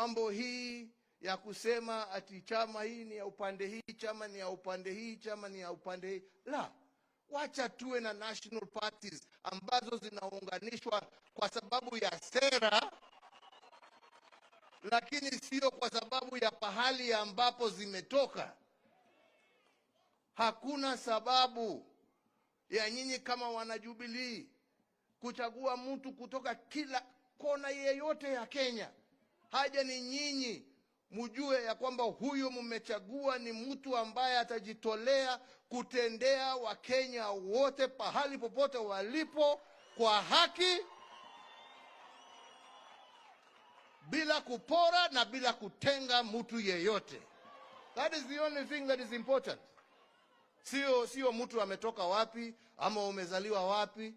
Mambo hii ya kusema ati chama hii ni ya upande hii, chama ni ya upande hii, chama ni ya upande hii, la, wacha tuwe na national parties ambazo zinaunganishwa kwa sababu ya sera, lakini sio kwa sababu ya pahali ambapo zimetoka. Hakuna sababu ya nyinyi kama wanajubilii kuchagua mtu kutoka kila kona yeyote ya Kenya haja ni nyinyi mjue ya kwamba huyu mmechagua ni mtu ambaye atajitolea kutendea Wakenya wote pahali popote walipo kwa haki, bila kupora na bila kutenga mtu yeyote. That is the only thing that is important. Sio, sio mtu ametoka wapi ama umezaliwa wapi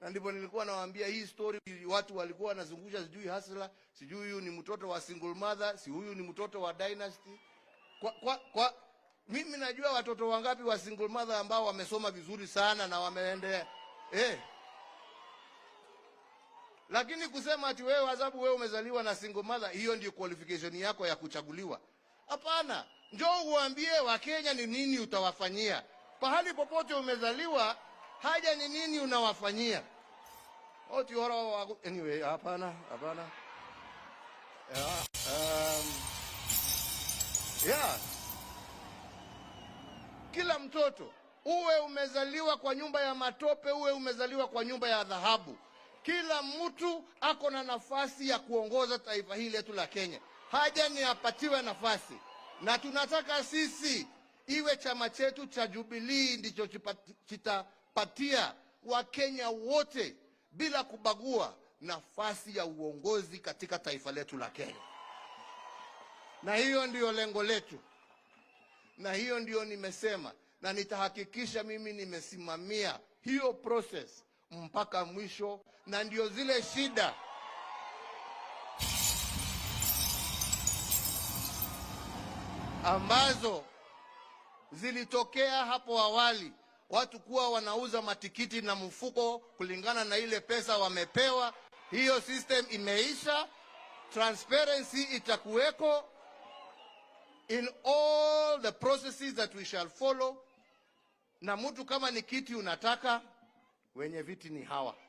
na ndipo nilikuwa nawaambia hii story. Watu walikuwa wanazungusha sijui hasla, sijui huyu ni mtoto wa single mother, si huyu ni mtoto wa dynasty. Kwa, kwa, kwa mimi najua watoto wangapi wa single mother ambao wamesoma vizuri sana na wameendea eh. Lakini kusema ati wewe adhabu wewe umezaliwa na single mother, hiyo ndio qualification yako ya kuchaguliwa? Hapana, njoo uambie Wakenya ni nini utawafanyia. Pahali popote umezaliwa haja ni nini unawafanyia? Uh, anyway, hapana hapana. Yeah, um, yeah. Kila mtoto uwe umezaliwa kwa nyumba ya matope, uwe umezaliwa kwa nyumba ya dhahabu, kila mtu ako na nafasi ya kuongoza taifa hili letu la Kenya. Haja ni apatiwe nafasi, na tunataka sisi iwe chama chetu cha Jubilee ndicho chita kuwapatia Wakenya wote bila kubagua nafasi ya uongozi katika taifa letu la Kenya. Na hiyo ndiyo lengo letu, na hiyo ndiyo nimesema, na nitahakikisha mimi nimesimamia hiyo process mpaka mwisho, na ndio zile shida ambazo zilitokea hapo awali watu kuwa wanauza matikiti na mfuko kulingana na ile pesa wamepewa. Hiyo system imeisha, transparency itakuweko in all the processes that we shall follow. Na mtu kama ni kiti unataka, wenye viti ni hawa.